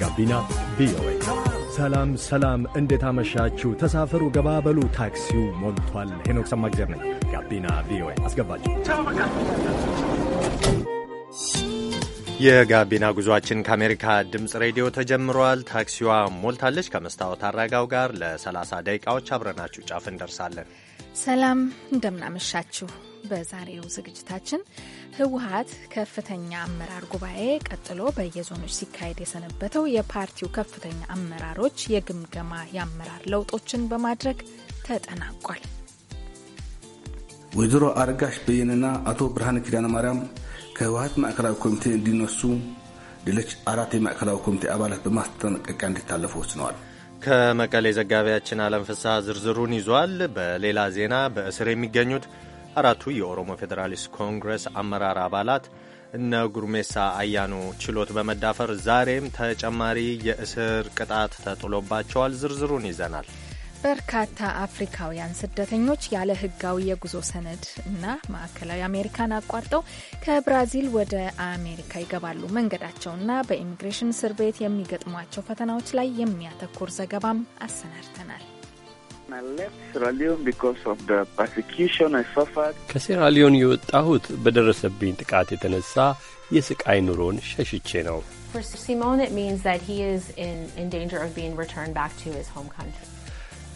ጋቢና ቪኦኤ። ሰላም ሰላም፣ እንዴት አመሻችሁ? ተሳፈሩ፣ ገባበሉ፣ ታክሲው ሞልቷል። ሄኖክ ሰማግዜር ነኝ። ጋቢና ቪኦኤ አስገባችሁ። የጋቢና ጉዟችን ከአሜሪካ ድምፅ ሬዲዮ ተጀምሯል። ታክሲዋ ሞልታለች። ከመስታወት አረጋው ጋር ለ30 ደቂቃዎች አብረናችሁ ጫፍ እንደርሳለን። ሰላም፣ እንደምናመሻችሁ በዛሬው ዝግጅታችን ህወሀት ከፍተኛ አመራር ጉባኤ ቀጥሎ በየዞኖች ሲካሄድ የሰነበተው የፓርቲው ከፍተኛ አመራሮች የግምገማ የአመራር ለውጦችን በማድረግ ተጠናቋል። ወይዘሮ አረጋሽ በየነና አቶ ብርሃነ ኪዳነ ማርያም ከህወሀት ማዕከላዊ ኮሚቴ እንዲነሱ ሌሎች አራት የማዕከላዊ ኮሚቴ አባላት በማስጠንቀቂያ እንዲታለፉ ወስነዋል። ከመቀሌ ዘጋቢያችን አለም ፍስሐ ዝርዝሩን ይዟል። በሌላ ዜና በእስር የሚገኙት አራቱ የኦሮሞ ፌዴራሊስት ኮንግረስ አመራር አባላት እነ ጉርሜሳ አያኑ ችሎት በመዳፈር ዛሬም ተጨማሪ የእስር ቅጣት ተጥሎባቸዋል። ዝርዝሩን ይዘናል። በርካታ አፍሪካውያን ስደተኞች ያለ ሕጋዊ የጉዞ ሰነድ እና ማዕከላዊ አሜሪካን አቋርጠው ከብራዚል ወደ አሜሪካ ይገባሉ። መንገዳቸውና በኢሚግሬሽን እስር ቤት የሚገጥሟቸው ፈተናዎች ላይ የሚያተኩር ዘገባም አሰናድተናል። ከሴራሊዮን የወጣሁት በደረሰብኝ ጥቃት የተነሳ የስቃይ ኑሮን ሸሽቼ ነው።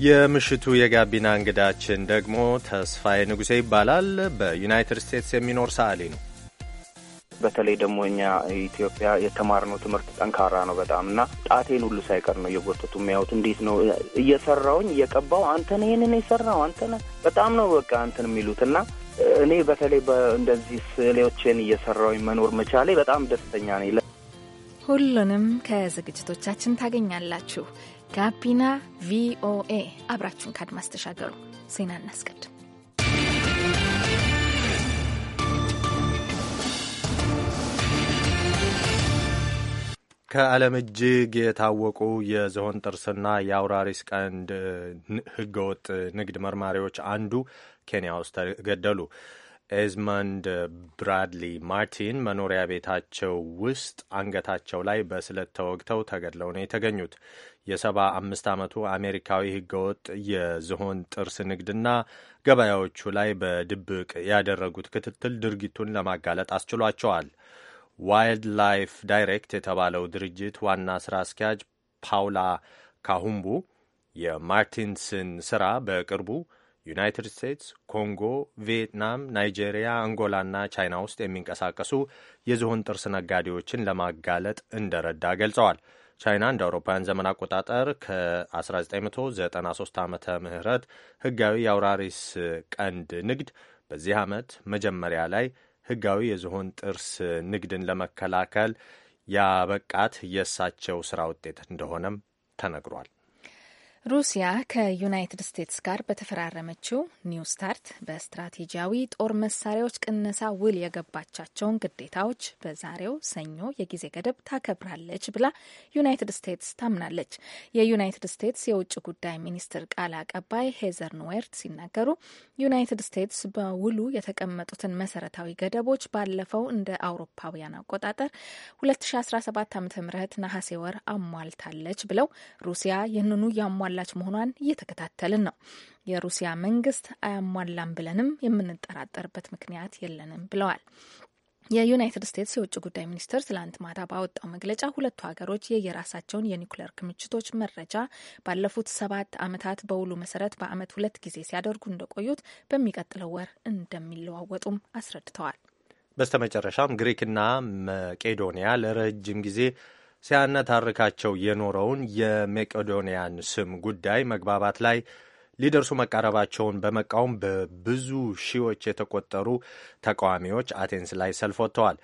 የምሽቱ የጋቢና እንግዳችን ደግሞ ተስፋዬ ንጉሴ ይባላል። በዩናይትድ ስቴትስ የሚኖር ሰዓሊ ነው። በተለይ ደግሞ እኛ ኢትዮጵያ የተማርነው ትምህርት ጠንካራ ነው በጣም እና ጣቴን ሁሉ ሳይቀር ነው እየጎተቱ የሚያዩት። እንዴት ነው እየሰራውኝ እየቀባው አንተነ ይህንን የሰራው አንተነ በጣም ነው በቃ አንተን የሚሉት እና እኔ በተለይ እንደዚህ ስዕሌዎችን እየሰራውኝ መኖር መቻሌ በጣም ደስተኛ ነኝ። ሁሉንም ከዝግጅቶቻችን ታገኛላችሁ። ጋቢና ቪኦኤ አብራችሁን ከአድማስ ተሻገሩ። ዜና እናስቀድም። ከዓለም እጅግ የታወቁ የዝሆን ጥርስና የአውራሪስ ቀንድ ህገወጥ ንግድ መርማሪዎች አንዱ ኬንያ ውስጥ ተገደሉ። ኤዝመንድ ብራድሊ ማርቲን መኖሪያ ቤታቸው ውስጥ አንገታቸው ላይ በስለት ተወግተው ተገድለው ነው የተገኙት። የሰባ አምስት ዓመቱ አሜሪካዊ ህገወጥ የዝሆን ጥርስ ንግድና ገበያዎቹ ላይ በድብቅ ያደረጉት ክትትል ድርጊቱን ለማጋለጥ አስችሏቸዋል። ዋይልድ ላይፍ ዳይሬክት የተባለው ድርጅት ዋና ስራ አስኪያጅ ፓውላ ካሁምቡ የማርቲንስን ስራ በቅርቡ ዩናይትድ ስቴትስ፣ ኮንጎ፣ ቪየትናም፣ ናይጄሪያ፣ አንጎላና ቻይና ውስጥ የሚንቀሳቀሱ የዝሆን ጥርስ ነጋዴዎችን ለማጋለጥ እንደረዳ ገልጸዋል። ቻይና እንደ አውሮፓውያን ዘመን አቆጣጠር ከ1993 ዓመተ ምህረት ህጋዊ የአውራሪስ ቀንድ ንግድ በዚህ ዓመት መጀመሪያ ላይ ህጋዊ የዝሆን ጥርስ ንግድን ለመከላከል ያበቃት የእሳቸው ስራ ውጤት እንደሆነም ተነግሯል። ሩሲያ ከዩናይትድ ስቴትስ ጋር በተፈራረመችው ኒው ስታርት በስትራቴጂያዊ ጦር መሳሪያዎች ቅነሳ ውል የገባቻቸውን ግዴታዎች በዛሬው ሰኞ የጊዜ ገደብ ታከብራለች ብላ ዩናይትድ ስቴትስ ታምናለች። የዩናይትድ ስቴትስ የውጭ ጉዳይ ሚኒስትር ቃል አቀባይ ሄዘር ኖዌርት ሲናገሩ ዩናይትድ ስቴትስ በውሉ የተቀመጡትን መሰረታዊ ገደቦች ባለፈው እንደ አውሮፓውያን አቆጣጠር 2017 ዓ ም ነሐሴ ወር አሟልታለች ብለው ሩሲያ ይህንኑ ያሟል እያሟላች መሆኗን እየተከታተልን ነው። የሩሲያ መንግስት አያሟላም ብለንም የምንጠራጠርበት ምክንያት የለንም ብለዋል። የዩናይትድ ስቴትስ የውጭ ጉዳይ ሚኒስትር ትላንት ማታ ባወጣው መግለጫ ሁለቱ ሀገሮች የየራሳቸውን የኒኩሌር ክምችቶች መረጃ ባለፉት ሰባት ዓመታት በውሉ መሰረት በዓመት ሁለት ጊዜ ሲያደርጉ እንደቆዩት በሚቀጥለው ወር እንደሚለዋወጡም አስረድተዋል። በስተመጨረሻም ግሪክና መቄዶንያ ለረጅም ጊዜ ሲያነታርካቸው የኖረውን የመቄዶንያን ስም ጉዳይ መግባባት ላይ ሊደርሱ መቃረባቸውን በመቃወም በብዙ ሺዎች የተቆጠሩ ተቃዋሚዎች አቴንስ ላይ ሰልፍ ወጥተዋል።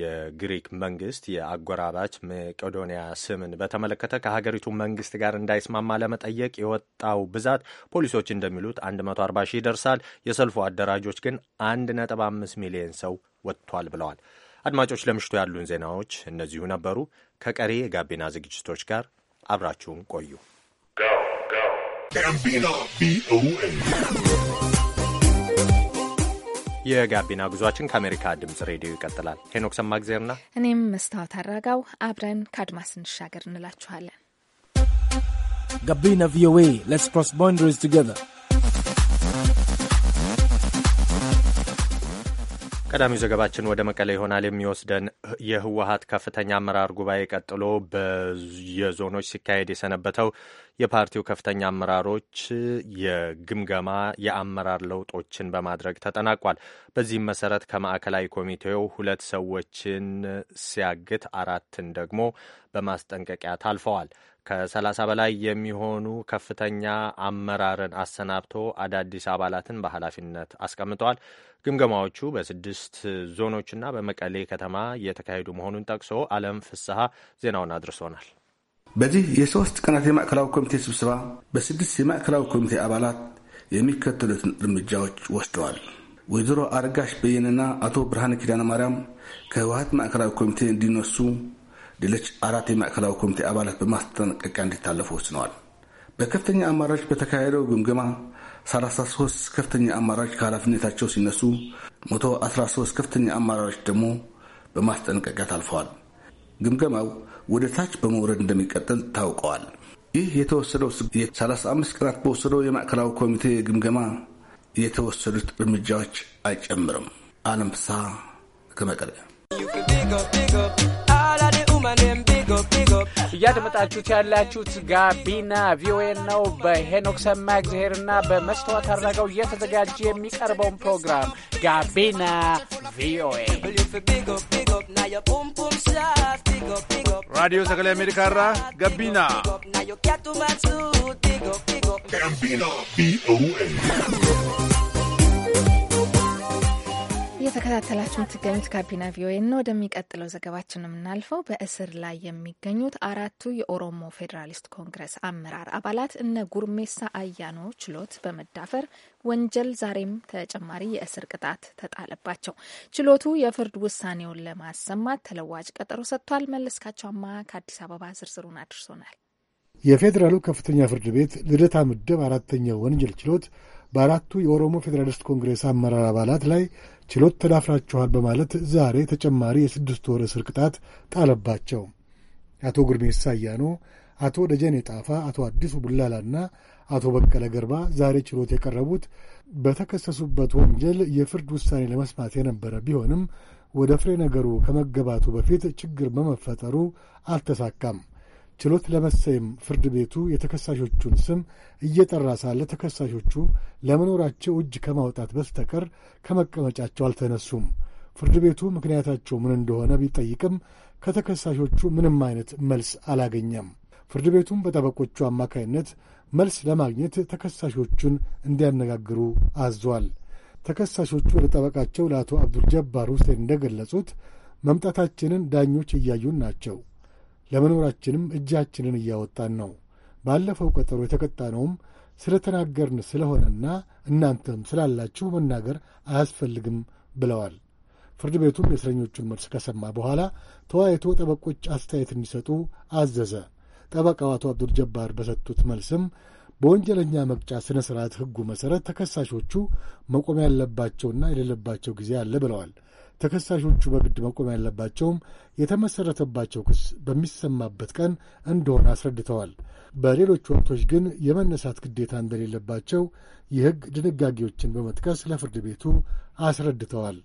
የግሪክ መንግስት የአጎራባች መቄዶንያ ስምን በተመለከተ ከሀገሪቱ መንግስት ጋር እንዳይስማማ ለመጠየቅ የወጣው ብዛት ፖሊሶች እንደሚሉት 140 ሺህ ይደርሳል። የሰልፉ አደራጆች ግን 1.5 ሚሊዮን ሰው ወጥቷል ብለዋል። አድማጮች፣ ለምሽቱ ያሉን ዜናዎች እነዚሁ ነበሩ። ከቀሪ የጋቢና ዝግጅቶች ጋር አብራችሁን ቆዩ። የጋቢና ጉዟችን ከአሜሪካ ድምጽ ሬዲዮ ይቀጥላል። ሄኖክ ሰማግዜርና እኔም መስታወት አራጋው አብረን ከአድማስ እንሻገር እንላችኋለን። ጋቢና ቪኦኤ ሌትስ ክሮስ ባውንደሪስ ቱጌዘር ቀዳሚው ዘገባችን ወደ መቀለ ይሆናል የሚወስደን። የህወሀት ከፍተኛ አመራር ጉባኤ ቀጥሎ በየዞኖች ሲካሄድ የሰነበተው የፓርቲው ከፍተኛ አመራሮች የግምገማ የአመራር ለውጦችን በማድረግ ተጠናቋል። በዚህም መሰረት ከማዕከላዊ ኮሚቴው ሁለት ሰዎችን ሲያግት አራትን ደግሞ በማስጠንቀቂያ ታልፈዋል። ከሰላሳ በላይ የሚሆኑ ከፍተኛ አመራርን አሰናብቶ አዳዲስ አባላትን በኃላፊነት አስቀምጠዋል። ግምገማዎቹ በስድስት ዞኖችና በመቀሌ ከተማ የተካሄዱ መሆኑን ጠቅሶ አለም ፍስሐ ዜናውን አድርሶናል። በዚህ የሶስት ቀናት የማዕከላዊ ኮሚቴ ስብሰባ በስድስት የማዕከላዊ ኮሚቴ አባላት የሚከተሉትን እርምጃዎች ወስደዋል። ወይዘሮ አረጋሽ በየንና አቶ ብርሃነ ኪዳነ ማርያም ከህወሀት ማዕከላዊ ኮሚቴ እንዲነሱ ሌሎች አራት የማዕከላዊ ኮሚቴ አባላት በማስጠንቀቂያ እንዲታለፉ ወስነዋል። በከፍተኛ አማራጭ በተካሄደው ግምገማ 33 ከፍተኛ አማራጭ ከኃላፊነታቸው ሲነሱ 113 ከፍተኛ አመራሮች ደግሞ በማስጠንቀቂያ ታልፈዋል። ግምገማው ወደ ታች በመውረድ እንደሚቀጥል ታውቀዋል። ይህ የተወሰደው 35 ቀናት በወሰደው የማዕከላዊ ኮሚቴ ግምገማ የተወሰዱት እርምጃዎች አይጨምርም። አለም ፍስሐ ከመቀለ እያደመጣችሁት ያላችሁት ጋቢና ቪኦኤ ነው። በሄኖክ ሰማ እግዚአብሔርና በመስተዋት አድረገው እየተዘጋጀ የሚቀርበውን ፕሮግራም ጋቢና ቪኦኤ ራዲዮ አሜሪካ ራ ጋቢና ጋቢና ቪኦኤ እየተከታተላችሁ የምትገኙት ጋቢና ቪኦኤ ነው። ወደሚቀጥለው ዘገባችን የምናልፈው በእስር ላይ የሚገኙት አራቱ የኦሮሞ ፌዴራሊስት ኮንግረስ አመራር አባላት እነ ጉርሜሳ አያኖ ችሎት በመዳፈር ወንጀል ዛሬም ተጨማሪ የእስር ቅጣት ተጣለባቸው። ችሎቱ የፍርድ ውሳኔውን ለማሰማት ተለዋጭ ቀጠሮ ሰጥቷል። አማ ከአዲስ አበባ ዝርዝሩን አድርሶናል። የፌዴራሉ ከፍተኛ ፍርድ ቤት ልደታ ምድብ አራተኛው ወንጀል ችሎት በአራቱ የኦሮሞ ፌዴራሊስት ኮንግሬስ አመራር አባላት ላይ ችሎት ተዳፍራችኋል በማለት ዛሬ ተጨማሪ የስድስት ወር እስር ቅጣት ጣለባቸው። አቶ ግርሜ ሳያኖ፣ አቶ ደጀኔ ጣፋ፣ አቶ አዲሱ ቡላላና አቶ በቀለ ገርባ ዛሬ ችሎት የቀረቡት በተከሰሱበት ወንጀል የፍርድ ውሳኔ ለመስማት የነበረ ቢሆንም ወደ ፍሬ ነገሩ ከመገባቱ በፊት ችግር በመፈጠሩ አልተሳካም። ችሎት ለመሰየም ፍርድ ቤቱ የተከሳሾቹን ስም እየጠራ ሳለ ተከሳሾቹ ለመኖራቸው እጅ ከማውጣት በስተቀር ከመቀመጫቸው አልተነሱም። ፍርድ ቤቱ ምክንያታቸው ምን እንደሆነ ቢጠይቅም ከተከሳሾቹ ምንም አይነት መልስ አላገኘም። ፍርድ ቤቱም በጠበቆቹ አማካይነት መልስ ለማግኘት ተከሳሾቹን እንዲያነጋግሩ አዟል። ተከሳሾቹ ለጠበቃቸው ለአቶ አብዱል ጀባር ሁሴን እንደገለጹት መምጣታችንን ዳኞች እያዩን ናቸው ለመኖራችንም እጃችንን እያወጣን ነው። ባለፈው ቀጠሮ የተቀጣነውም ስለተናገርን ስለሆነና እናንተም ስላላችሁ መናገር አያስፈልግም ብለዋል። ፍርድ ቤቱም የእስረኞቹን መልስ ከሰማ በኋላ ተወያይቶ ጠበቆች አስተያየት እንዲሰጡ አዘዘ። ጠበቃው አቶ አብዱል ጀባር በሰጡት መልስም በወንጀለኛ መቅጫ ሥነ ሥርዓት ሕጉ መሠረት ተከሳሾቹ መቆም ያለባቸውና የሌለባቸው ጊዜ አለ ብለዋል። ተከሳሾቹ በግድ መቆም ያለባቸውም የተመሠረተባቸው ክስ በሚሰማበት ቀን እንደሆነ አስረድተዋል። በሌሎች ወቅቶች ግን የመነሳት ግዴታ እንደሌለባቸው የሕግ ድንጋጌዎችን በመጥቀስ ለፍርድ ቤቱ አስረድተዋል።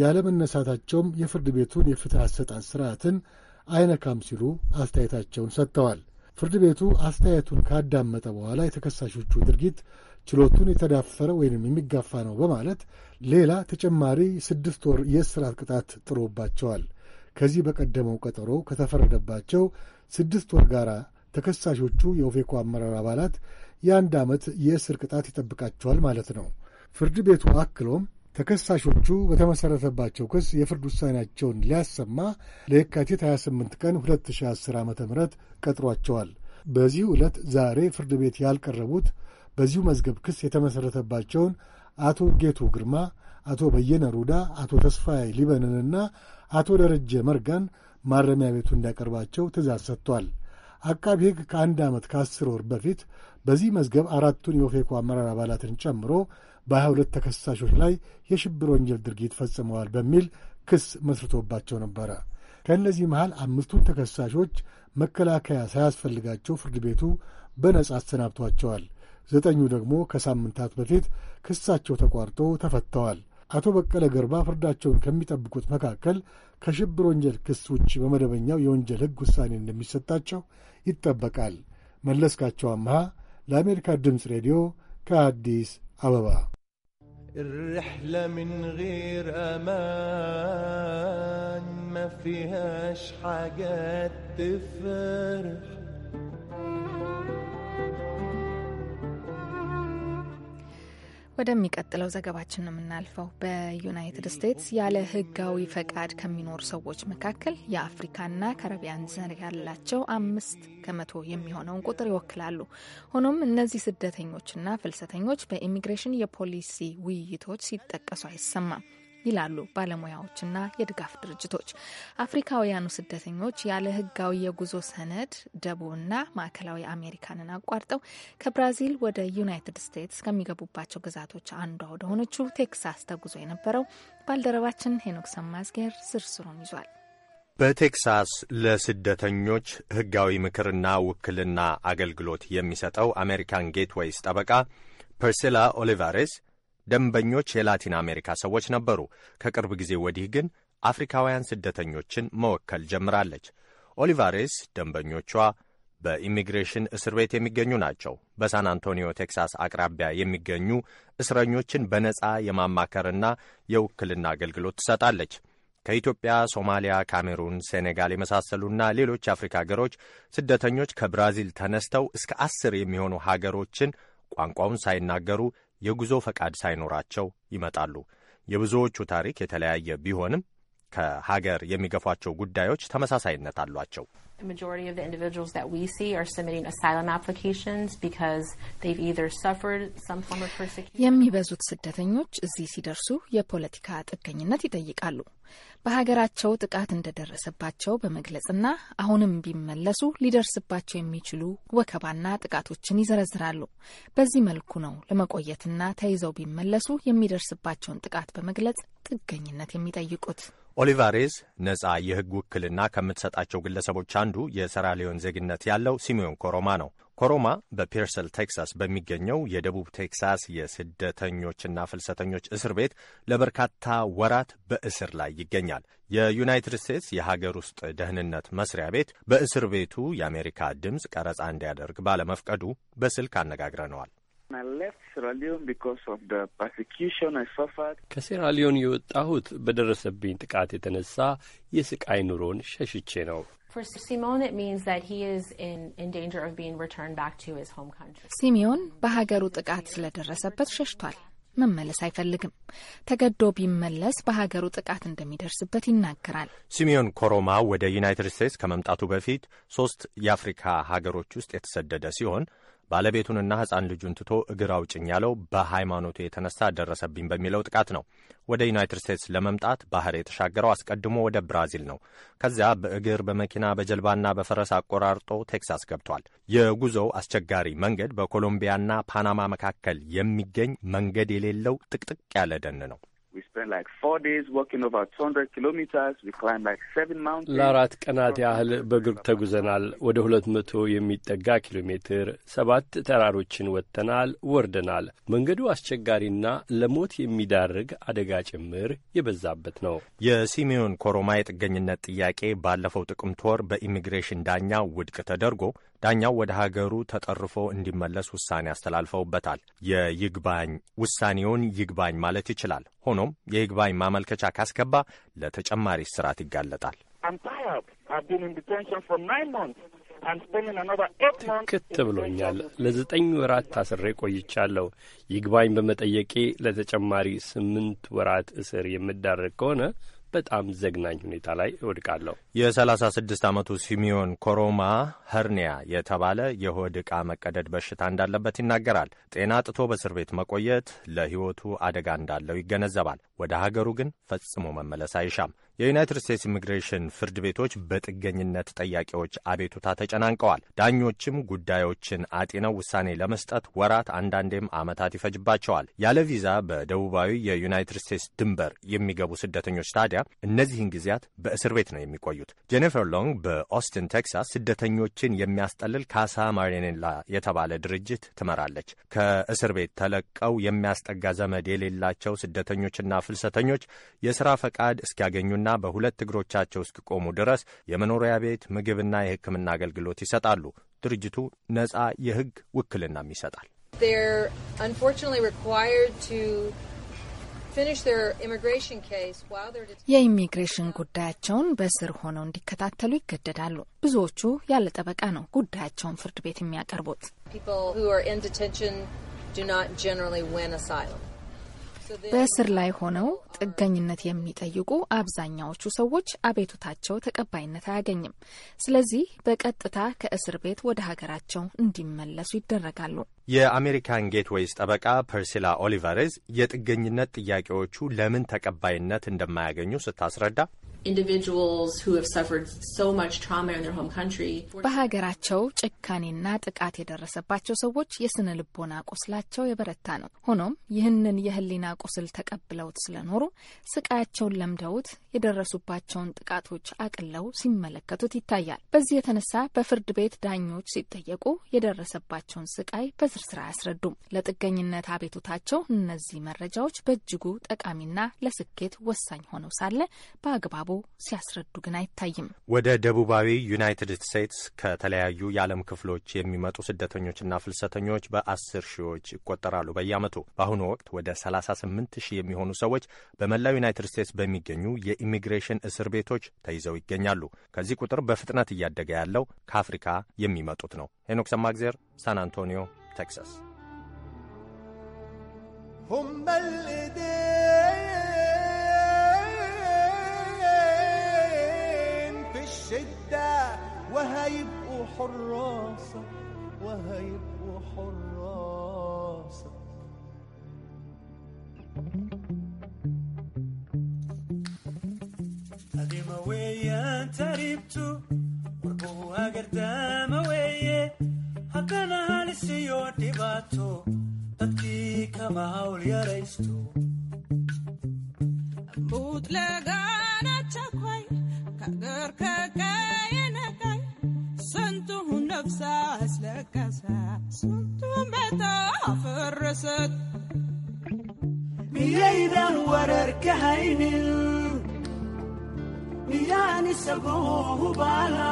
ያለመነሳታቸውም የፍርድ ቤቱን የፍትሕ አሰጣጥ ሥርዓትን አይነካም ሲሉ አስተያየታቸውን ሰጥተዋል። ፍርድ ቤቱ አስተያየቱን ካዳመጠ በኋላ የተከሳሾቹ ድርጊት ችሎቱን የተዳፈረ ወይንም የሚጋፋ ነው በማለት ሌላ ተጨማሪ ስድስት ወር የእስራት ቅጣት ጥሎባቸዋል። ከዚህ በቀደመው ቀጠሮ ከተፈረደባቸው ስድስት ወር ጋር ተከሳሾቹ የኦፌኮ አመራር አባላት የአንድ ዓመት የእስር ቅጣት ይጠብቃቸዋል ማለት ነው። ፍርድ ቤቱ አክሎም ተከሳሾቹ በተመሠረተባቸው ክስ የፍርድ ውሳኔያቸውን ሊያሰማ ለየካቲት 28 ቀን 2010 ዓ ም ቀጥሯቸዋል። በዚህ ዕለት ዛሬ ፍርድ ቤት ያልቀረቡት በዚሁ መዝገብ ክስ የተመሠረተባቸውን አቶ ጌቱ ግርማ፣ አቶ በየነ ሩዳ፣ አቶ ተስፋዬ ሊበንንና አቶ ደረጀ መርጋን ማረሚያ ቤቱ እንዲያቀርባቸው ትእዛዝ ሰጥቷል። አቃቢ ሕግ ከአንድ ዓመት ከአስር ወር በፊት በዚህ መዝገብ አራቱን የኦፌኮ አመራር አባላትን ጨምሮ በሀያ ሁለት ተከሳሾች ላይ የሽብር ወንጀል ድርጊት ፈጽመዋል በሚል ክስ መስርቶባቸው ነበረ። ከእነዚህ መሃል አምስቱን ተከሳሾች መከላከያ ሳያስፈልጋቸው ፍርድ ቤቱ በነጻ አሰናብቷቸዋል። ዘጠኙ ደግሞ ከሳምንታት በፊት ክሳቸው ተቋርጦ ተፈተዋል። አቶ በቀለ ገርባ ፍርዳቸውን ከሚጠብቁት መካከል ከሽብር ወንጀል ክስ ውጭ በመደበኛው የወንጀል ሕግ ውሳኔ እንደሚሰጣቸው ይጠበቃል። መለስካቸው አምሃ ለአሜሪካ ድምፅ ሬዲዮ ከአዲስ አበባ الرحلة من غير أمان ما فيهاش حاجات تفرح ወደሚቀጥለው ዘገባችን ነው የምናልፈው። በዩናይትድ ስቴትስ ያለ ሕጋዊ ፈቃድ ከሚኖሩ ሰዎች መካከል የአፍሪካና ካረቢያን ዘር ያላቸው አምስት ከመቶ የሚሆነውን ቁጥር ይወክላሉ። ሆኖም እነዚህ ስደተኞችና ፍልሰተኞች በኢሚግሬሽን የፖሊሲ ውይይቶች ሲጠቀሱ አይሰማም። ይላሉ ባለሙያዎችና የድጋፍ ድርጅቶች። አፍሪካውያኑ ስደተኞች ያለ ሕጋዊ የጉዞ ሰነድ ደቡብና ማዕከላዊ አሜሪካንን አቋርጠው ከብራዚል ወደ ዩናይትድ ስቴትስ ከሚገቡባቸው ግዛቶች አንዷ ወደሆነችው ቴክሳስ ተጉዞ የነበረው ባልደረባችን ሄኖክ ሰማዝጌር ዝርዝሩን ይዟል። በቴክሳስ ለስደተኞች ሕጋዊ ምክርና ውክልና አገልግሎት የሚሰጠው አሜሪካን ጌትዌይስ ጠበቃ ፐርሲላ ኦሊቫሬስ ደንበኞች የላቲን አሜሪካ ሰዎች ነበሩ። ከቅርብ ጊዜ ወዲህ ግን አፍሪካውያን ስደተኞችን መወከል ጀምራለች። ኦሊቫሬስ ደንበኞቿ በኢሚግሬሽን እስር ቤት የሚገኙ ናቸው። በሳን አንቶኒዮ ቴክሳስ አቅራቢያ የሚገኙ እስረኞችን በነጻ የማማከርና የውክልና አገልግሎት ትሰጣለች። ከኢትዮጵያ፣ ሶማሊያ፣ ካሜሩን፣ ሴኔጋል የመሳሰሉና ሌሎች አፍሪካ ሀገሮች ስደተኞች ከብራዚል ተነስተው እስከ አስር የሚሆኑ ሀገሮችን ቋንቋውን ሳይናገሩ የጉዞ ፈቃድ ሳይኖራቸው ይመጣሉ። የብዙዎቹ ታሪክ የተለያየ ቢሆንም ከሀገር የሚገፏቸው ጉዳዮች ተመሳሳይነት አሏቸው። የሚበዙት ስደተኞች እዚህ ሲደርሱ የፖለቲካ ጥገኝነት ይጠይቃሉ። በሀገራቸው ጥቃት እንደደረሰባቸው በመግለጽና አሁንም ቢመለሱ ሊደርስባቸው የሚችሉ ወከባና ጥቃቶችን ይዘረዝራሉ። በዚህ መልኩ ነው ለመቆየትና ተይዘው ቢመለሱ የሚደርስባቸውን ጥቃት በመግለጽ ጥገኝነት የሚጠይቁት። ኦሊቫሬዝ ነጻ የሕግ ውክልና ከምትሰጣቸው ግለሰቦች አንዱ የሰራሊዮን ዜግነት ያለው ሲሚዮን ኮሮማ ነው። ኮሮማ በፒርሰል ቴክሳስ በሚገኘው የደቡብ ቴክሳስ የስደተኞችና ፍልሰተኞች እስር ቤት ለበርካታ ወራት በእስር ላይ ይገኛል። የዩናይትድ ስቴትስ የሀገር ውስጥ ደህንነት መስሪያ ቤት በእስር ቤቱ የአሜሪካ ድምፅ ቀረጻ እንዲያደርግ ባለመፍቀዱ በስልክ አነጋግረነዋል። ከሴራሊዮን የወጣሁት በደረሰብኝ ጥቃት የተነሳ የስቃይ ኑሮን ሸሽቼ ነው። ሲሚዮን በሀገሩ ጥቃት ስለደረሰበት ሸሽቷል። መመለስ አይፈልግም። ተገዶ ቢመለስ በሀገሩ ጥቃት እንደሚደርስበት ይናገራል። ሲሚዮን ኮሮማ ወደ ዩናይትድ ስቴትስ ከመምጣቱ በፊት ሶስት የአፍሪካ ሀገሮች ውስጥ የተሰደደ ሲሆን ባለቤቱንና ሕፃን ልጁን ትቶ እግር አውጭኝ ያለው በሃይማኖቱ የተነሳ ደረሰብኝ በሚለው ጥቃት ነው። ወደ ዩናይትድ ስቴትስ ለመምጣት ባህር የተሻገረው አስቀድሞ ወደ ብራዚል ነው። ከዚያ በእግር በመኪና በጀልባና በፈረስ አቆራርጦ ቴክሳስ ገብቷል። የጉዞው አስቸጋሪ መንገድ በኮሎምቢያና ፓናማ መካከል የሚገኝ መንገድ የሌለው ጥቅጥቅ ያለ ደን ነው። ለአራት ቀናት ያህል በእግር ተጉዘናል። ወደ ሁለት መቶ የሚጠጋ ኪሎ ሜትር ሰባት ተራሮችን ወጥተናል፣ ወርደናል። መንገዱ አስቸጋሪና ለሞት የሚዳርግ አደጋ ጭምር የበዛበት ነው። የሲሜዮን ኮሮማ የጥገኝነት ጥያቄ ባለፈው ጥቅምት ወር በኢሚግሬሽን ዳኛ ውድቅ ተደርጎ ዳኛው ወደ ሀገሩ ተጠርፎ እንዲመለስ ውሳኔ አስተላልፈውበታል። የይግባኝ ውሳኔውን ይግባኝ ማለት ይችላል። ሆኖም የይግባኝ ማመልከቻ ካስገባ ለተጨማሪ እስራት ይጋለጣል። ትክት ብሎኛል። ለዘጠኝ ወራት ታስሬ ቆይቻለሁ። ይግባኝ በመጠየቄ ለተጨማሪ ስምንት ወራት እስር የምዳረግ ከሆነ በጣም ዘግናኝ ሁኔታ ላይ እወድቃለሁ። የ የ36 ዓመቱ ሲሚዮን ኮሮማ ኸርኒያ የተባለ የሆድ ዕቃ መቀደድ በሽታ እንዳለበት ይናገራል። ጤና ጥቶ በእስር ቤት መቆየት ለሕይወቱ አደጋ እንዳለው ይገነዘባል። ወደ ሀገሩ ግን ፈጽሞ መመለስ አይሻም። የዩናይትድ ስቴትስ ኢሚግሬሽን ፍርድ ቤቶች በጥገኝነት ጠያቂዎች አቤቱታ ተጨናንቀዋል። ዳኞችም ጉዳዮችን አጢነው ውሳኔ ለመስጠት ወራት አንዳንዴም ዓመታት ይፈጅባቸዋል። ያለ ቪዛ በደቡባዊ የዩናይትድ ስቴትስ ድንበር የሚገቡ ስደተኞች ታዲያ እነዚህን ጊዜያት በእስር ቤት ነው የሚቆዩት። ጄኒፈር ሎንግ በኦስትን ቴክሳስ ስደተኞችን የሚያስጠልል ካሳ ማሪኔላ የተባለ ድርጅት ትመራለች። ከእስር ቤት ተለቀው የሚያስጠጋ ዘመድ የሌላቸው ስደተኞችና ፍልሰተኞች የስራ ፈቃድ እስኪያገኙና በሁለት እግሮቻቸው እስኪቆሙ ድረስ የመኖሪያ ቤት ምግብና የሕክምና አገልግሎት ይሰጣሉ። ድርጅቱ ነጻ የሕግ ውክልናም ይሰጣል። የኢሚግሬሽን ጉዳያቸውን በስር ሆነው እንዲከታተሉ ይገደዳሉ። ብዙዎቹ ያለ ጠበቃ ነው ጉዳያቸውን ፍርድ ቤት የሚያቀርቡት። በእስር ላይ ሆነው ጥገኝነት የሚጠይቁ አብዛኛዎቹ ሰዎች አቤቱታቸው ተቀባይነት አያገኝም። ስለዚህ በቀጥታ ከእስር ቤት ወደ ሀገራቸው እንዲመለሱ ይደረጋሉ። የአሜሪካን ጌትዌይስ ጠበቃ ፐርሲላ ኦሊቨርዝ የጥገኝነት ጥያቄዎቹ ለምን ተቀባይነት እንደማያገኙ ስታስረዳ በሀገራቸው ጭካኔና ጥቃት የደረሰባቸው ሰዎች የስነ ልቦና ቁስላቸው የበረታ ነው። ሆኖም ይህንን የህሊና ቁስል ተቀብለውት ስለኖሩ ስቃያቸውን ለምደውት የደረሱባቸውን ጥቃቶች አቅለው ሲመለከቱት ይታያል። በዚህ የተነሳ በፍርድ ቤት ዳኞች ሲጠየቁ የደረሰባቸውን ስቃይ በዝርዝር አያስረዱም። ለጥገኝነት አቤቱታቸው እነዚህ መረጃዎች በእጅጉ ጠቃሚና ለስኬት ወሳኝ ሆነው ሳለ በአግባቡ በአግባቡ ሲያስረዱ ግን አይታይም። ወደ ደቡባዊ ዩናይትድ ስቴትስ ከተለያዩ የዓለም ክፍሎች የሚመጡ ስደተኞችና ፍልሰተኞች በአስር ሺዎች ይቆጠራሉ በየዓመቱ። በአሁኑ ወቅት ወደ 38 ሺህ የሚሆኑ ሰዎች በመላው ዩናይትድ ስቴትስ በሚገኙ የኢሚግሬሽን እስር ቤቶች ተይዘው ይገኛሉ። ከዚህ ቁጥር በፍጥነት እያደገ ያለው ከአፍሪካ የሚመጡት ነው። ሄኖክ ሰማግዜር፣ ሳን አንቶኒዮ፣ ቴክሳስ وهيبقوا حراسة وهيبقوا حراسة adima weeyaan taariibtu warbuhu hagardaama weeye haddana halis iyo dhibaato dadkii kama hawl yaraysto miyaydan warar ka haynin miyaan isagoo hubaala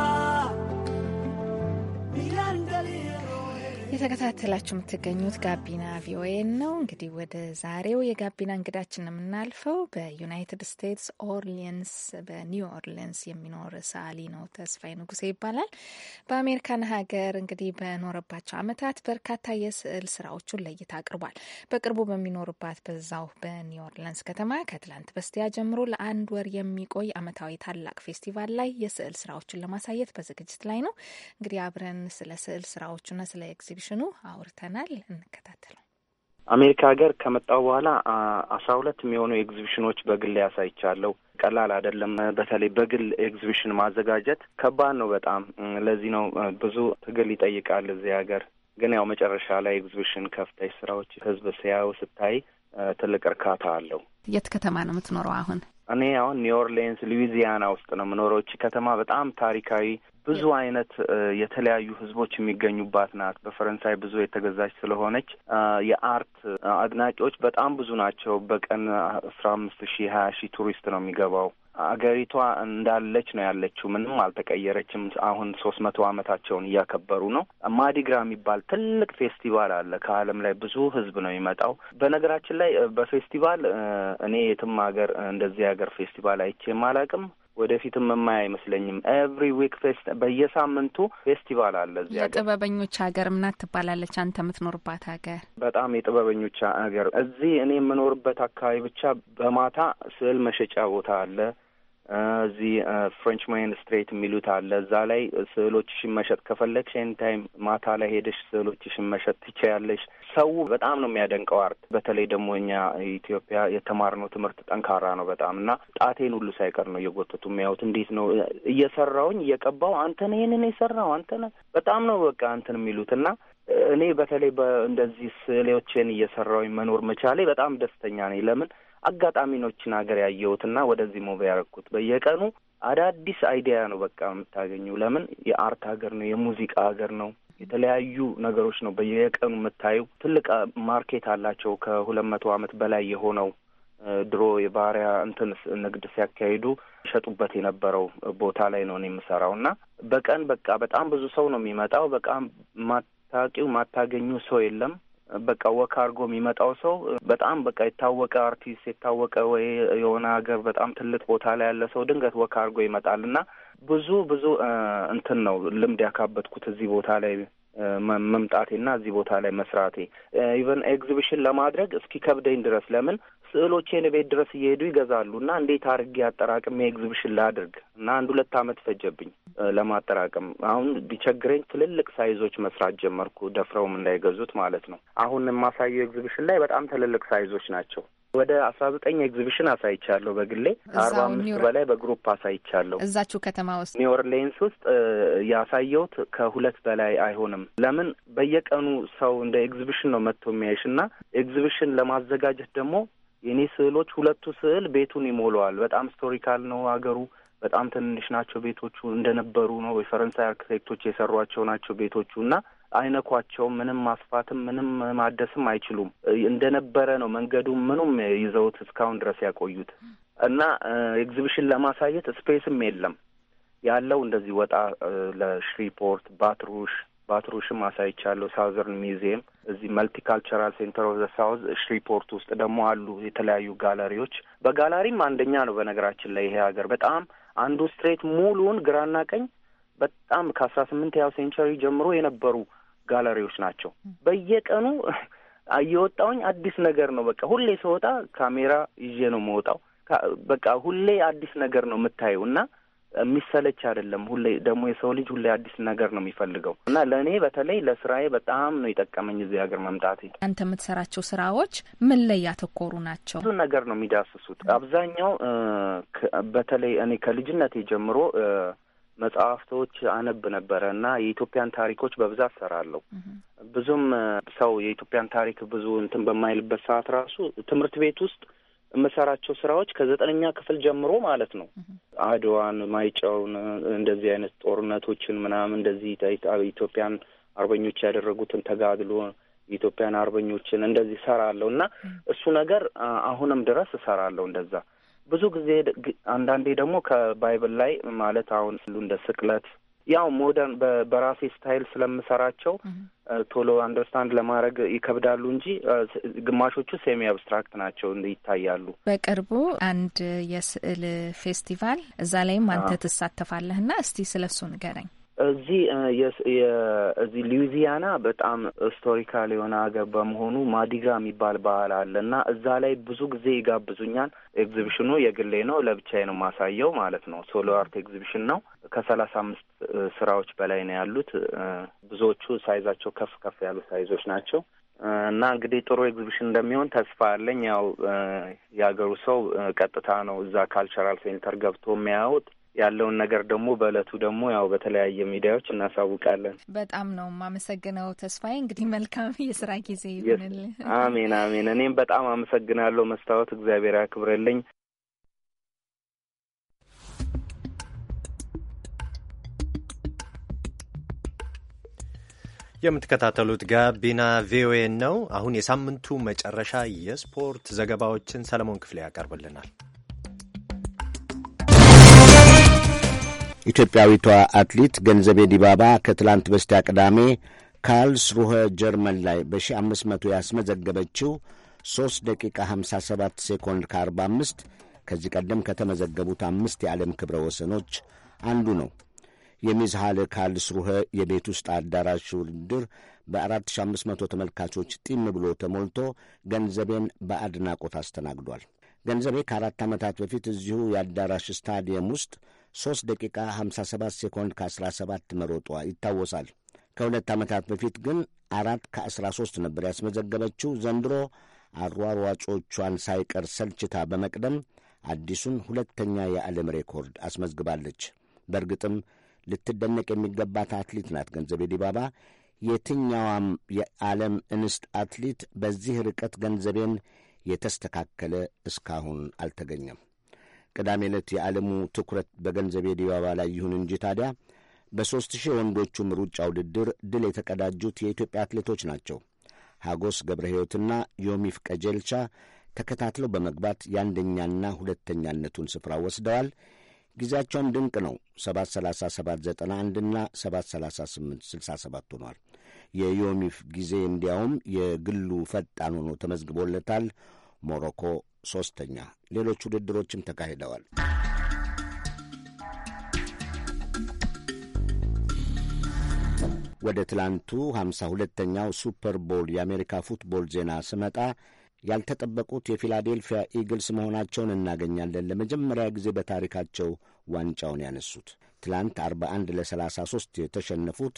የተከታተላችሁ የምትገኙት ጋቢና ቪኦኤ ነው። እንግዲህ ወደ ዛሬው የጋቢና እንግዳችን የምናልፈው በዩናይትድ ስቴትስ ኦርሊንስ በኒው ኦርሊንስ የሚኖር ሰዓሊ ነው። ተስፋዬ ንጉሴ ይባላል። በአሜሪካን ሀገር እንግዲህ በኖረባቸው ዓመታት በርካታ የስዕል ስራዎቹን ለእይታ አቅርቧል። በቅርቡ በሚኖርባት በዛው በኒው ኦርሊንስ ከተማ ከትላንት በስቲያ ጀምሮ ለአንድ ወር የሚቆይ ዓመታዊ ታላቅ ፌስቲቫል ላይ የስዕል ስራዎችን ለማሳየት በዝግጅት ላይ ነው። እንግዲህ አብረን ስለ ስዕል ስራዎቹና ስለ በቴሌቪዥኑ አውርተናል። እንከታተለው። አሜሪካ ሀገር ከመጣው በኋላ አስራ ሁለት የሚሆኑ ኤግዚቢሽኖች በግል ያሳይቻለሁ። ቀላል አይደለም። በተለይ በግል ኤግዚቢሽን ማዘጋጀት ከባድ ነው በጣም። ለዚህ ነው ብዙ ትግል ይጠይቃል እዚህ ሀገር። ግን ያው መጨረሻ ላይ ኤግዚቢሽን ከፍተሽ ስራዎች ህዝብ ሲያዩ ስታይ ትልቅ እርካታ አለው። የት ከተማ ነው የምትኖረው አሁን? እኔ አሁን ኒው ኦርሊንስ ሉዊዚያና ውስጥ ነው የምኖረው። እቺ ከተማ በጣም ታሪካዊ ብዙ አይነት የተለያዩ ህዝቦች የሚገኙባት ናት። በፈረንሳይ ብዙ የተገዛች ስለሆነች የአርት አድናቂዎች በጣም ብዙ ናቸው። በቀን አስራ አምስት ሺህ ሀያ ሺህ ቱሪስት ነው የሚገባው አገሪቷ እንዳለች ነው ያለችው። ምንም አልተቀየረችም። አሁን ሶስት መቶ አመታቸውን እያከበሩ ነው። ማዲግራ የሚባል ትልቅ ፌስቲቫል አለ። ከአለም ላይ ብዙ ህዝብ ነው የሚመጣው። በነገራችን ላይ በፌስቲቫል እኔ የትም ሀገር እንደዚህ ሀገር ፌስቲቫል አይቼም አላውቅም። ወደፊትም የማያ አይመስለኝም። ኤቭሪ ዊክ ፌስት በየሳምንቱ ፌስቲቫል አለ። እዚህ የጥበበኞች ሀገር ምናት ትባላለች። አንተ የምትኖርባት ሀገር በጣም የጥበበኞች ሀገር። እዚህ እኔ የምኖርበት አካባቢ ብቻ በማታ ስዕል መሸጫ ቦታ አለ። እዚህ ፍሬንች ማይን ስትሬት የሚሉት አለ። እዛ ላይ ስዕሎችሽን መሸጥ ከፈለግሽ ታይም ማታ ላይ ሄደሽ ስዕሎችሽን መሸጥ ትችያለሽ። ሰው በጣም ነው የሚያደንቀው አርት። በተለይ ደግሞ እኛ ኢትዮጵያ የተማርነው ትምህርት ጠንካራ ነው በጣም እና ጣቴን ሁሉ ሳይቀር ነው እየጎተቱ የሚያዩት። እንዴት ነው እየሰራውኝ እየቀባው አንተነ ይህንን የሰራው አንተነ በጣም ነው በቃ እንትን የሚሉት እና እኔ በተለይ በእንደዚህ ስዕሌዎቼን እየሰራውኝ መኖር መቻሌ በጣም ደስተኛ ነኝ። ለምን አጋጣሚኖችን ሀገር ያየሁትና ወደዚህ ሞቭ ያደረግኩት በየቀኑ አዳዲስ አይዲያ ነው በቃ የምታገኙ። ለምን የአርት ሀገር ነው፣ የሙዚቃ ሀገር ነው። የተለያዩ ነገሮች ነው በየቀኑ የምታዩ። ትልቅ ማርኬት አላቸው። ከሁለት መቶ ዓመት በላይ የሆነው ድሮ የባሪያ እንትን ንግድ ሲያካሂዱ ሸጡበት የነበረው ቦታ ላይ ነው የምሰራው እና በቀን በቃ በጣም ብዙ ሰው ነው የሚመጣው። በቃም ማታቂው ማታገኙ ሰው የለም። በቃ ወክ አድርጎ የሚመጣው ሰው በጣም በቃ የታወቀ አርቲስት የታወቀ ወይ የሆነ ሀገር በጣም ትልቅ ቦታ ላይ ያለ ሰው ድንገት ወካ አድርጎ ይመጣል እና ብዙ ብዙ እንትን ነው ልምድ ያካበትኩት እዚህ ቦታ ላይ መምጣቴና እዚህ ቦታ ላይ መስራቴ ኢቨን ኤግዚቢሽን ለማድረግ እስኪ ከብደኝ ድረስ ለምን ስዕሎቼን ቤት ድረስ እየሄዱ ይገዛሉ እና እንዴት አድርጌ አጠራቅሜ ኤግዚቢሽን ላድርግ እና አንድ ሁለት ዓመት ፈጀብኝ ለማጠራቀም። አሁን ቢቸግረኝ ትልልቅ ሳይዞች መስራት ጀመርኩ፣ ደፍረውም እንዳይገዙት ማለት ነው። አሁን የማሳየው ኤግዚቢሽን ላይ በጣም ትልልቅ ሳይዞች ናቸው። ወደ አስራ ዘጠኝ ኤግዚቢሽን አሳይቻለሁ በግሌ አርባ አምስት በላይ በግሩፕ አሳይቻለሁ። እዛችሁ ከተማ ውስጥ ኒው ኦርሌንስ ውስጥ ያሳየሁት ከሁለት በላይ አይሆንም። ለምን በየቀኑ ሰው እንደ ኤግዚቢሽን ነው መጥቶ የሚያይሽ እና ኤግዚቢሽን ለማዘጋጀት ደግሞ የእኔ ስዕሎች ሁለቱ ስዕል ቤቱን ይሞላዋል። በጣም ስቶሪካል ነው አገሩ በጣም ትንንሽ ናቸው ቤቶቹ እንደነበሩ ነው። የፈረንሳይ አርክቴክቶች የሰሯቸው ናቸው ቤቶቹ እና አይነኳቸውም። ምንም ማስፋትም ምንም ማደስም አይችሉም። እንደነበረ ነው መንገዱ ምኑም ይዘውት እስካሁን ድረስ ያቆዩት እና ኤግዚቢሽን ለማሳየት ስፔስም የለም ያለው እንደዚህ ወጣ ለሽሪፖርት ባትሩሽ ባትሩሽም አሳይቻለሁ። ሳውዘርን ሚዚየም እዚህ መልቲካልቸራል ሴንተር ኦፍ ዘ ሳውዝ ሽሪፖርት ውስጥ ደግሞ አሉ የተለያዩ ጋለሪዎች። በጋለሪም አንደኛ ነው በነገራችን ላይ ይሄ ሀገር በጣም አንዱ ስትሬት ሙሉውን ግራና ቀኝ በጣም ከአስራ ያው ሴንቸሪ ጀምሮ የነበሩ ጋለሪዎች ናቸው። በየቀኑ የወጣውኝ አዲስ ነገር ነው። በቃ ሁሌ ስወጣ ካሜራ ይዤ ነው መወጣው። በቃ ሁሌ አዲስ ነገር ነው የምታየው እና የሚሰለች አይደለም። ሁሌ ደግሞ የሰው ልጅ ሁሌ አዲስ ነገር ነው የሚፈልገው እና ለእኔ በተለይ ለስራዬ በጣም ነው የጠቀመኝ እዚህ ሀገር መምጣቴ። አንተ የምትሰራቸው ስራዎች ምን ላይ ያተኮሩ ናቸው? ብዙ ነገር ነው የሚዳስሱት። አብዛኛው በተለይ እኔ ከልጅነቴ ጀምሮ መጽሐፍቶች አነብ ነበረ እና የኢትዮጵያን ታሪኮች በብዛት ሰራለሁ። ብዙም ሰው የኢትዮጵያን ታሪክ ብዙ እንትን በማይልበት ሰዓት ራሱ ትምህርት ቤት ውስጥ የምሰራቸው ስራዎች ከዘጠነኛ ክፍል ጀምሮ ማለት ነው። አድዋን፣ ማይጨውን፣ እንደዚህ አይነት ጦርነቶችን ምናምን እንደዚህ ኢትዮጵያን አርበኞች ያደረጉትን ተጋድሎ የኢትዮጵያን አርበኞችን እንደዚህ እሰራለሁ እና እሱ ነገር አሁንም ድረስ እሰራለሁ እንደዛ ብዙ ጊዜ አንዳንዴ ደግሞ ከባይብል ላይ ማለት አሁን ሁሉ እንደ ስቅለት ያው ሞደርን በራሴ ስታይል ስለምሰራቸው ቶሎ አንደርስታንድ ለማድረግ ይከብዳሉ እንጂ ግማሾቹ ሴሚ አብስትራክት ናቸው ይታያሉ። በቅርቡ አንድ የስዕል ፌስቲቫል እዛ ላይም አንተ ትሳተፋለህ እና እስቲ ስለ እሱ ንገረኝ። እዚህ እዚህ ሉዊዚያና በጣም ስቶሪካል የሆነ ሀገር በመሆኑ ማዲግራ የሚባል ባህል አለ እና እዛ ላይ ብዙ ጊዜ ይጋብዙኛል። ኤግዚቢሽኑ የግሌ ነው፣ ለብቻዬ ነው ማሳየው ማለት ነው። ሶሎ አርት ኤግዚቢሽን ነው። ከሰላሳ አምስት ስራዎች በላይ ነው ያሉት። ብዙዎቹ ሳይዛቸው ከፍ ከፍ ያሉ ሳይዞች ናቸው እና እንግዲህ ጥሩ ኤግዚቢሽን እንደሚሆን ተስፋ አለኝ። ያው የሀገሩ ሰው ቀጥታ ነው እዛ ካልቸራል ሴንተር ገብቶ የሚያዩት ያለውን ነገር ደግሞ በእለቱ ደግሞ ያው በተለያየ ሚዲያዎች እናሳውቃለን። በጣም ነው የማመሰግነው ተስፋዬ። እንግዲህ መልካም የስራ ጊዜ ይሁንል። አሜን አሜን። እኔም በጣም አመሰግናለሁ መስታወት፣ እግዚአብሔር ያክብርልኝ። የምትከታተሉት ጋቢና ቪኦኤ ነው። አሁን የሳምንቱ መጨረሻ የስፖርት ዘገባዎችን ሰለሞን ክፍሌ ያቀርብልናል። ኢትዮጵያዊቷ አትሌት ገንዘቤ ዲባባ ከትላንት በስቲያ ቅዳሜ ሩኸ ጀርመን ላይ በ1500 ያስመዘገበችው 3 ደቂቃ 57 ሴኮንድ ከ45 ከዚህ ቀደም ከተመዘገቡት አምስት የዓለም ክብረ ወሰኖች አንዱ ነው። የሚዝሃል ካልስሩኸ የቤት ውስጥ አዳራሽ ውድድር በ4500 ተመልካቾች ጢም ብሎ ተሞልቶ ገንዘቤን በአድናቆት አስተናግዷል። ገንዘቤ ከአራት ዓመታት በፊት እዚሁ የአዳራሽ ስታዲየም ውስጥ ሦስት ደቂቃ 57 ሴኮንድ ከ17 መሮጧ ይታወሳል። ከሁለት ዓመታት በፊት ግን አራት ከ13 ነበር ያስመዘገበችው። ዘንድሮ አሯሯጮቿን ሳይቀር ሰልችታ በመቅደም አዲሱን ሁለተኛ የዓለም ሬኮርድ አስመዝግባለች። በእርግጥም ልትደነቅ የሚገባት አትሌት ናት ገንዘቤ ዲባባ። የትኛዋም የዓለም እንስት አትሌት በዚህ ርቀት ገንዘቤን የተስተካከለ እስካሁን አልተገኘም። ቅዳሜ ዕለት የዓለሙ ትኩረት በገንዘቤ ዲባባ ላይ ይሁን እንጂ ታዲያ በሦስት ሺህ ወንዶቹም ሩጫ ውድድር ድል የተቀዳጁት የኢትዮጵያ አትሌቶች ናቸው። ሐጎስ ገብረ ሕይወትና ዮሚፍ ቀጀልቻ ተከታትለው በመግባት የአንደኛና ሁለተኛነቱን ስፍራ ወስደዋል። ጊዜያቸውም ድንቅ ነው። 73791ና 73867 ሆኗል። የዮሚፍ ጊዜ እንዲያውም የግሉ ፈጣን ሆኖ ተመዝግቦለታል። ሞሮኮ ሶስተኛ ሌሎች ውድድሮችም ተካሂደዋል። ወደ ትላንቱ ሃምሳ ሁለተኛው ሱፐር ቦል የአሜሪካ ፉትቦል ዜና ስመጣ ያልተጠበቁት የፊላዴልፊያ ኢግልስ መሆናቸውን እናገኛለን። ለመጀመሪያ ጊዜ በታሪካቸው ዋንጫውን ያነሱት ትላንት 41 ለ33 የተሸነፉት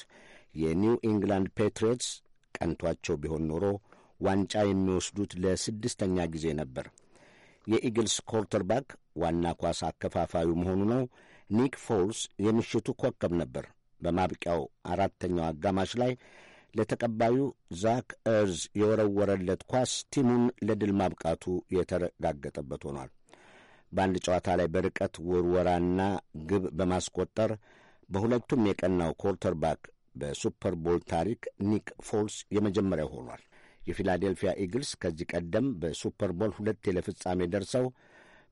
የኒው ኢንግላንድ ፔትሪዮትስ ቀንቷቸው ቢሆን ኖሮ ዋንጫ የሚወስዱት ለስድስተኛ ጊዜ ነበር። የኢግልስ ኮርተርባክ ዋና ኳስ አከፋፋዩ መሆኑ ነው። ኒክ ፎልስ የምሽቱ ኮከብ ነበር። በማብቂያው አራተኛው አጋማሽ ላይ ለተቀባዩ ዛክ እርዝ የወረወረለት ኳስ ቲሙን ለድል ማብቃቱ የተረጋገጠበት ሆኗል። በአንድ ጨዋታ ላይ በርቀት ውርወራና ግብ በማስቆጠር በሁለቱም የቀናው ኮርተርባክ በሱፐር ቦል ታሪክ ኒክ ፎልስ የመጀመሪያው ሆኗል። የፊላዴልፊያ ኢግልስ ከዚህ ቀደም በሱፐር ቦል ሁለቴ ለፍጻሜ ደርሰው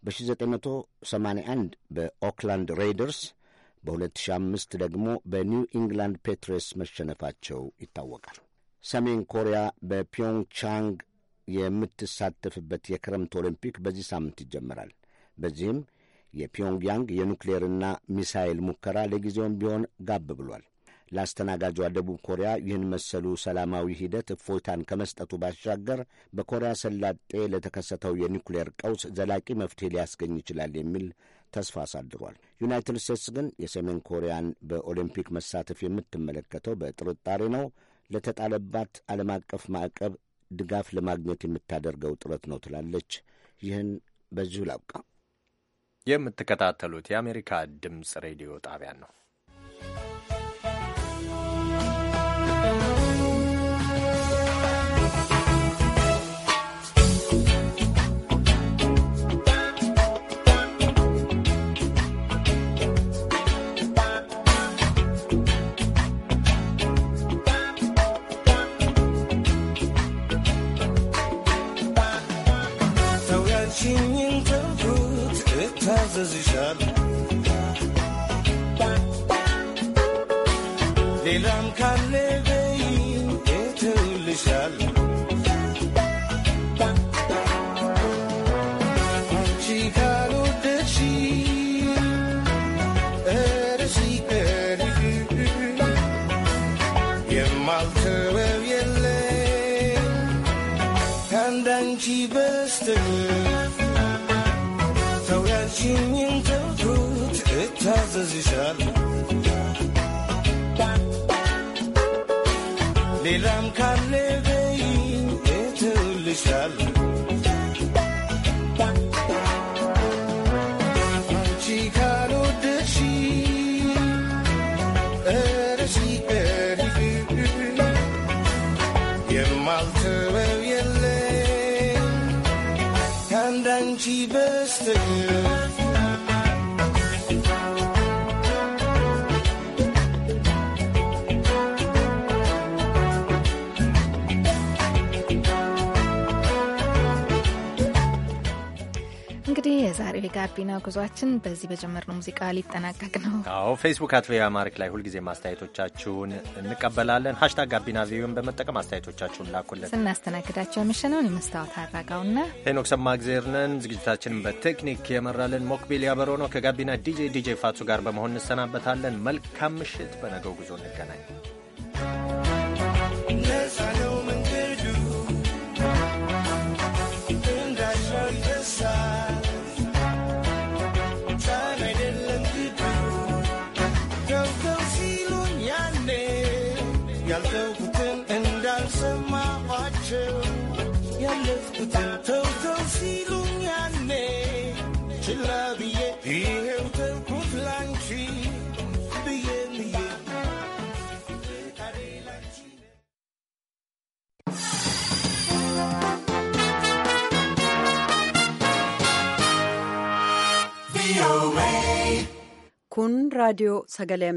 በ1981 በኦክላንድ ሬይደርስ በ2005 ደግሞ በኒው ኢንግላንድ ፔትሬስ መሸነፋቸው ይታወቃል። ሰሜን ኮሪያ በፒዮንግቻንግ የምትሳተፍበት የክረምት ኦሎምፒክ በዚህ ሳምንት ይጀመራል። በዚህም የፒዮንግያንግ የኑክሌርና ሚሳይል ሙከራ ለጊዜውም ቢሆን ጋብ ብሏል። ለአስተናጋጇ ደቡብ ኮሪያ ይህን መሰሉ ሰላማዊ ሂደት እፎይታን ከመስጠቱ ባሻገር በኮሪያ ሰላጤ ለተከሰተው የኒውክሌር ቀውስ ዘላቂ መፍትሄ ሊያስገኝ ይችላል የሚል ተስፋ አሳድሯል። ዩናይትድ ስቴትስ ግን የሰሜን ኮሪያን በኦሎምፒክ መሳተፍ የምትመለከተው በጥርጣሬ ነው። ለተጣለባት ዓለም አቀፍ ማዕቀብ ድጋፍ ለማግኘት የምታደርገው ጥረት ነው ትላለች። ይህን በዚሁ ላብቃ። የምትከታተሉት የአሜሪካ ድምፅ ሬዲዮ ጣቢያን ነው። zişar ሌላም ካለ በይኝ እትውልሻል አንቺ ካልወደድሽ እርሺ እልህ የማልተወው የለ ከአንዳንቺ በስተቀር ያልሽኝን ተብሩ እታዘዝሻለሁ። ሌላም ካለ በይኝ እተውልሻለሁ። የዛሬ ጋቢና ጉዟችን በዚህ በጀመርነው ሙዚቃ ሊጠናቀቅ ነው። አዎ ፌስቡክ አት ቪኦኤ አማሪክ ላይ ሁልጊዜ ማስተያየቶቻችሁን እንቀበላለን። ሀሽታግ ጋቢና ቪኦኤን በመጠቀም አስተያየቶቻችሁን ላኩልን። ስናስተናግዳቸው የምሽነውን የመስታወት አራጋውና ሄኖክ ግዜርነን ዝግጅታችንን በቴክኒክ የመራልን ሞክቢል ያበሮ ነው። ከጋቢና ዲጄ ዲጄ ፋቱ ጋር በመሆን እንሰናበታለን። መልካም ምሽት። በነገው ጉዞ እንገናኝ። Kun raadiyo sagalee